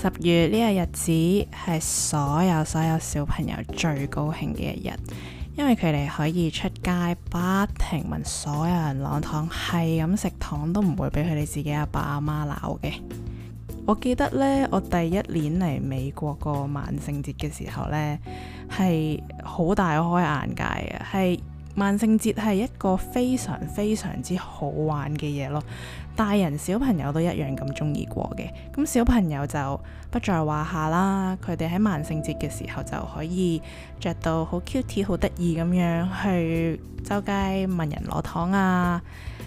十月呢個日子係所有所有小朋友最高興嘅一日，因為佢哋可以出街不停問所有人攞糖，係咁食糖都唔會俾佢哋自己阿爸阿媽鬧嘅。我記得呢，我第一年嚟美國個萬聖節嘅時候呢，係好大開眼界啊！係萬聖節係一個非常非常之好玩嘅嘢咯。大人小朋友都一樣咁中意過嘅，咁小朋友就不在話下啦。佢哋喺萬聖節嘅時候就可以着到好 cute、好得意咁樣去周街問人攞糖啊。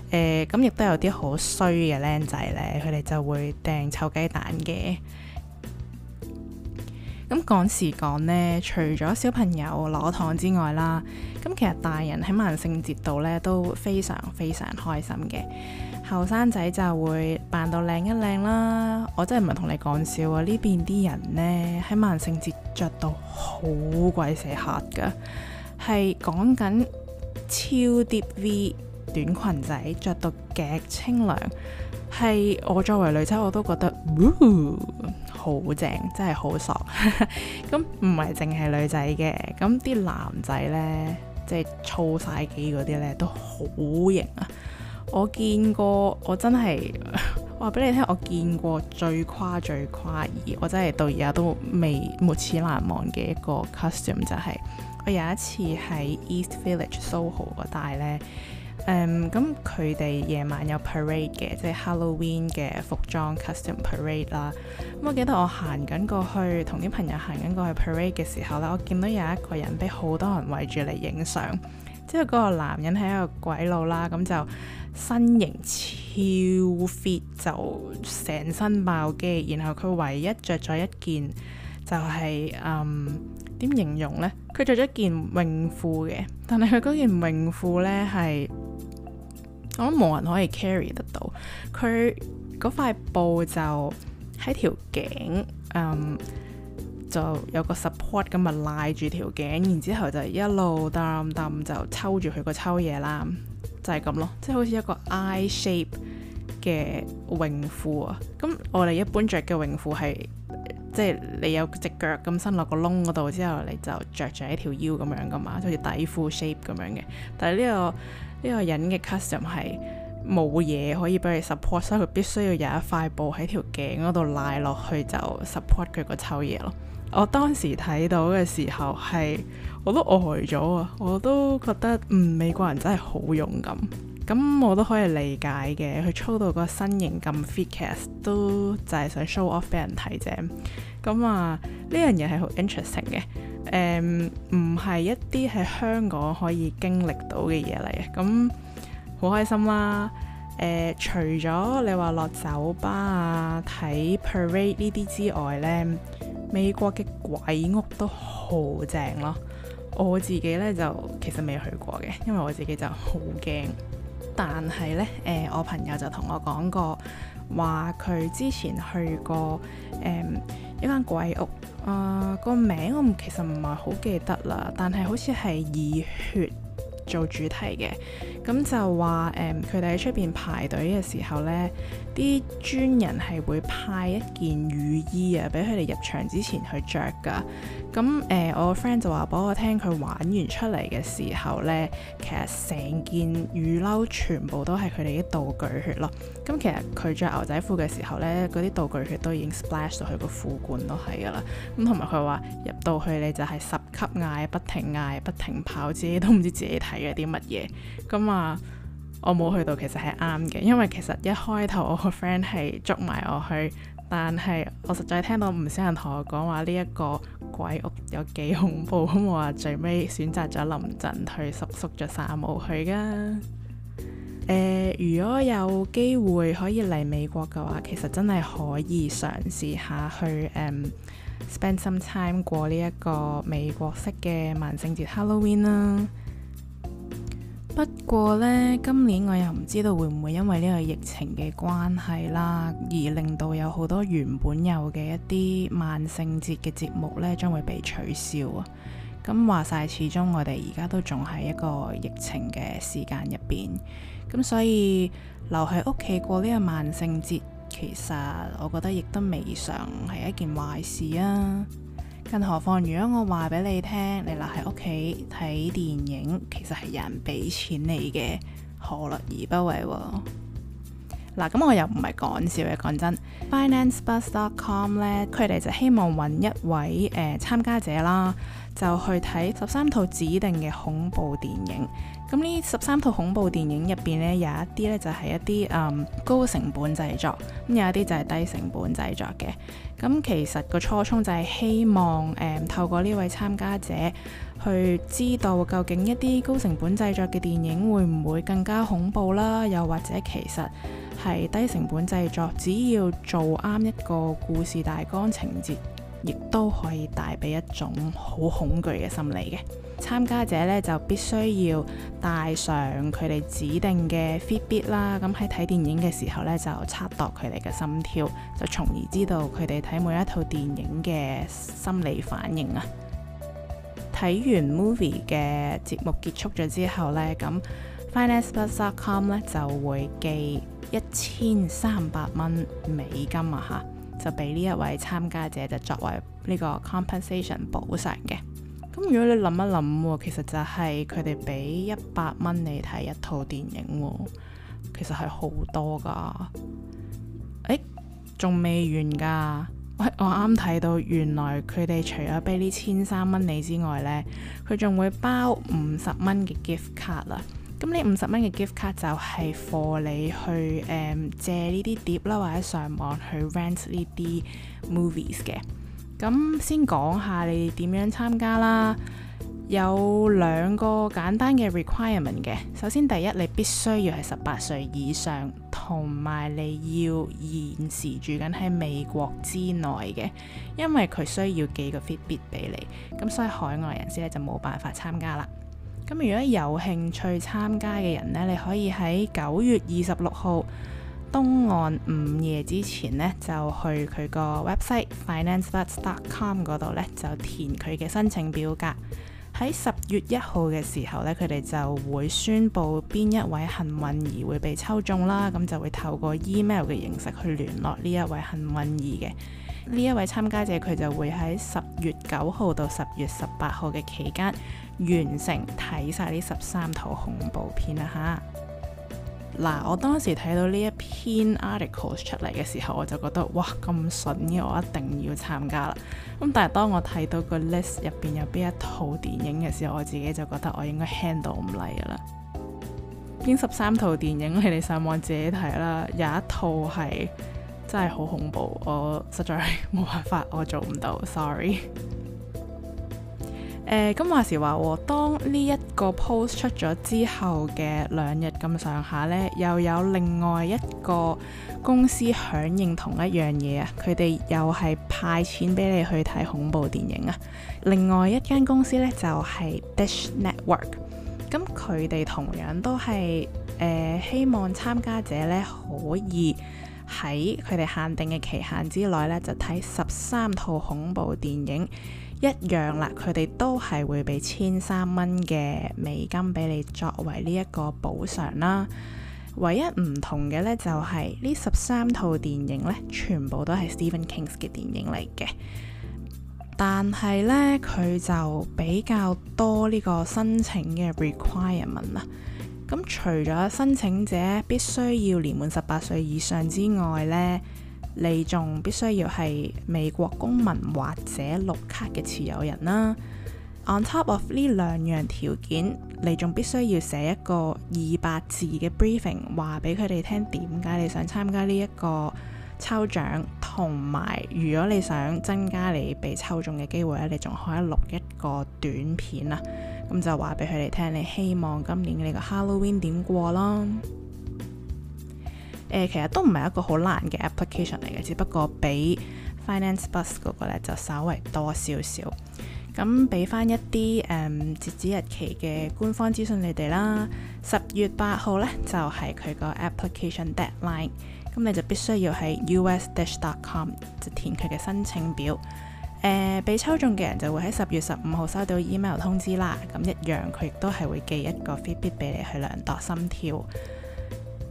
誒、欸，咁亦都有啲好衰嘅靚仔呢，佢哋就會掟臭雞蛋嘅。咁講時講呢，除咗小朋友攞糖之外啦，咁其實大人喺萬聖節度呢都非常非常開心嘅。後生仔就會扮到靚一靚啦。我真係唔係同你講笑啊！呢邊啲人呢喺萬聖節着到好鬼死黑㗎，係講緊超跌 V 短裙仔，着到極清涼。係我作為女仔，我都覺得呃，好正，真係好爽。咁唔係淨係女仔嘅，咁啲男仔呢，即係粗晒機嗰啲呢，都好型啊！我見過，我真係 我話俾你聽，我見過最誇最誇異，我真係到而家都未沒，沒齒難忘嘅一個 costume，就係我有一次喺 East Village Soho 嗰帶咧。誒咁佢哋夜晚有 parade 嘅，即係 Halloween 嘅服裝 custom parade 啦。咁我記得我行緊過去，同啲朋友行緊過去 parade 嘅時候咧，我見到有一個人俾好多人圍住嚟影相。之後嗰個男人喺一個鬼佬啦，咁就身形超 fit，就成身爆肌。然後佢唯一着咗一件就係，誒、嗯，點形容呢？佢着咗件泳褲嘅，但係佢嗰件泳褲呢係我覺得冇人可以 carry 得到，佢嗰塊布就喺條頸、嗯，就有個 support 咁咪拉住條頸，然之後就一路 down down 就抽住佢個抽嘢啦，就係咁咯，即係好似一個 I shape 嘅泳褲啊。咁我哋一般着嘅泳褲係，即係你有隻腳咁伸落個窿嗰度之後，你就着住一條腰咁樣噶嘛，好似底褲 shape 咁樣嘅。但係呢個呢個人嘅 custom 係冇嘢可以俾你 support，所以佢必須要有一塊布喺條頸嗰度拉落去就 support 佢個臭嘢咯。我當時睇到嘅時候係我都呆咗啊，我都覺得嗯，美國人真係好勇敢，咁我都可以理解嘅。佢操到個身形咁 f i t c a s 都就係想 show off 俾人睇啫。咁啊呢樣嘢係好 interesting 嘅。誒唔係一啲喺香港可以經歷到嘅嘢嚟嘅，咁好開心啦！誒、呃、除咗你話落酒吧啊、睇 parade 呢啲之外呢，美國嘅鬼屋都好正咯。我自己呢就其實未去過嘅，因為我自己就好驚。但係呢，誒、呃、我朋友就同我講過，話佢之前去過誒、呃、一間鬼屋啊、呃，個名我其實唔係好記得啦，但係好似係以血做主題嘅。咁就話誒，佢哋喺出邊排隊嘅時候呢，啲專人係會派一件雨衣啊，俾佢哋入場之前去着噶。咁、嗯、誒、嗯，我個 friend 就話俾我聽佢玩完出嚟嘅時候呢，其實成件雨褸全部都係佢哋啲道具血咯。咁、嗯、其實佢着牛仔褲嘅時候呢，嗰啲道具血都已經 splash 到佢個褲管都係噶啦。咁同埋佢話入到去你就係十級嗌，不停嗌，不停跑，自己都唔知自己睇咗啲乜嘢。咁、嗯嗯我冇去到，其實係啱嘅，因為其實一開頭我個 friend 係捉埋我去，但係我實在聽到唔少人同我講話呢一個鬼屋有幾恐怖，咁我話最尾選擇咗臨陣退縮去，着衫冇去啦。呃、如果有機會可以嚟美國嘅話，其實真係可以嘗試下去、呃、spend some time 過呢一個美國式嘅萬聖節 Halloween 啦。不過呢，今年我又唔知道會唔會因為呢個疫情嘅關係啦，而令到有好多原本有嘅一啲萬聖節嘅節目呢將會被取消啊！咁話晒，始終我哋而家都仲喺一個疫情嘅時間入邊，咁、嗯、所以留喺屋企過呢個萬聖節，其實我覺得亦都未嘗係一件壞事啊！更何況，如果我話俾你聽，你留喺屋企睇電影，其實係人俾錢你嘅，何樂而不為？嗱，咁、啊啊、我又唔係講笑嘅，講真，financebuzz.com 呢，佢哋就希望揾一位誒、呃、參加者啦，就去睇十三套指定嘅恐怖電影。咁呢十三套恐怖電影入邊呢，有一啲呢就係一啲嗯高成本製作，咁有一啲就係低成本製作嘅。咁其實個初衷就係希望、嗯、透過呢位參加者去知道究竟一啲高成本製作嘅電影會唔會更加恐怖啦？又或者其實，係低成本製作，只要做啱一個故事大綱情節。亦都可以帶俾一種好恐懼嘅心理嘅參加者呢，就必須要戴上佢哋指定嘅 fitbit 啦。咁喺睇電影嘅時候呢，就測度佢哋嘅心跳，就從而知道佢哋睇每一套電影嘅心理反應啊。睇完 movie 嘅節目結束咗之後呢，咁 financebuzz.com 呢，就會寄一千三百蚊美金啊嚇。就俾呢一位參加者就作為呢個 compensation 補償嘅咁。如果你諗一諗，其實就係佢哋俾一百蚊你睇一套電影，其實係好多㗎。誒、欸，仲未完㗎？喂、欸，我啱睇到原來佢哋除咗俾呢千三蚊你之外呢，佢仲會包五十蚊嘅 gift card 啊！咁呢五十蚊嘅 gift 卡就係 for 你去誒、um, 借呢啲碟啦，或者上網去 rent 呢啲 movies 嘅。咁、嗯、先講下你點樣參加啦。有兩個簡單嘅 requirement 嘅。首先第一，你必須要係十八歲以上，同埋你要現時住緊喺美國之內嘅，因為佢需要幾個 Fitbit 俾你。咁、嗯、所以海外人士咧就冇辦法參加啦。咁如果有興趣參加嘅人呢，你可以喺九月二十六號東岸午夜之前呢，就去佢個 website financebuzz.com 嗰度呢，就填佢嘅申請表格。喺十月一號嘅時候呢，佢哋就會宣布邊一位幸運兒會被抽中啦。咁就會透過 email 嘅形式去聯絡呢一位幸運兒嘅。呢一位參加者佢就會喺十月九號到十月十八號嘅期間完成睇晒呢十三套恐怖片啦嚇！嗱、啊，我當時睇到呢一篇 articles 出嚟嘅時候，我就覺得哇咁筍嘅，我一定要參加啦！咁但係當我睇到個 list 入邊有邊一套電影嘅時候，我自己就覺得我應該 handle 唔嚟㗎啦。邊十三套電影你哋上網自己睇啦，有一套係。真係好恐怖，我實在冇辦法，我做唔到，sorry。咁、 呃、話時話，當呢一個 post 出咗之後嘅兩日咁上下呢，又有另外一個公司響應同一樣嘢啊，佢哋又係派錢俾你去睇恐怖電影啊。另外一間公司呢，就係、是、Dish Network，咁佢哋同樣都係誒、呃、希望參加者呢可以，喺佢哋限定嘅期限之內咧，就睇十三套恐怖電影一樣啦。佢哋都係會俾千三蚊嘅美金俾你作為呢一個補償啦。唯一唔同嘅呢，就係呢十三套電影呢，全部都係 Stephen King 嘅電影嚟嘅。但係呢，佢就比較多呢個申請嘅 requirement 啦。咁、嗯、除咗申請者必須要年滿十八歲以上之外呢，你仲必須要係美國公民或者綠卡嘅持有人啦。On top of 呢兩樣條件，你仲必須要寫一個二百字嘅 briefing，話俾佢哋聽點解你想參加呢一個抽獎，同埋如果你想增加你被抽中嘅機會咧，你仲可以錄一個短片啊！咁就話俾佢哋聽，你希望今年你個 Halloween 點過咯？誒、呃，其實都唔係一個好難嘅 application 嚟嘅，只不過比 Finance Buzz 嗰個咧就稍微多少少。咁俾翻一啲誒、嗯、截止日期嘅官方資訊你哋啦。十月八號呢，就係、是、佢個 application deadline，咁你就必須要喺 usdish.com 就填佢嘅申請表。誒、呃，被抽中嘅人就會喺十月十五號收到 email 通知啦。咁一樣，佢亦都係會寄一個 Fitbit 俾你去量度心跳。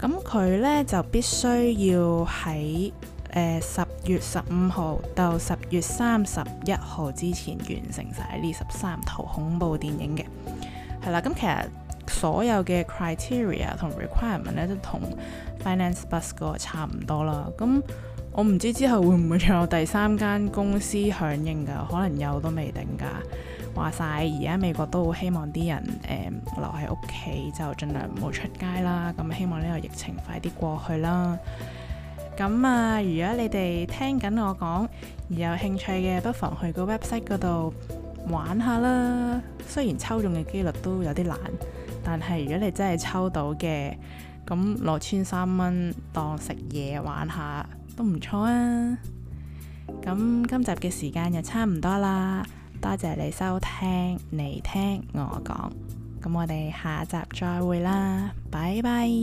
咁佢呢，就必須要喺誒十月十五號到十月三十一號之前完成晒呢十三套恐怖電影嘅。係啦，咁其實所有嘅 criteria 同 requirement 呢，都同 FinanceBuzz 個差唔多啦。咁我唔知之後會唔會有第三間公司響應㗎，可能有都未定㗎。話晒，而家美國都好希望啲人誒、呃、留喺屋企，就盡量唔好出街啦。咁希望呢個疫情快啲過去啦。咁啊，如果你哋聽緊我講而有興趣嘅，不妨去個 website 嗰度玩下啦。雖然抽中嘅機率都有啲難，但係如果你真係抽到嘅，咁攞千三蚊當食嘢玩下。都唔錯啊！咁今集嘅時間又差唔多啦，多謝你收聽，你聽我講，咁我哋下集再會啦，拜拜。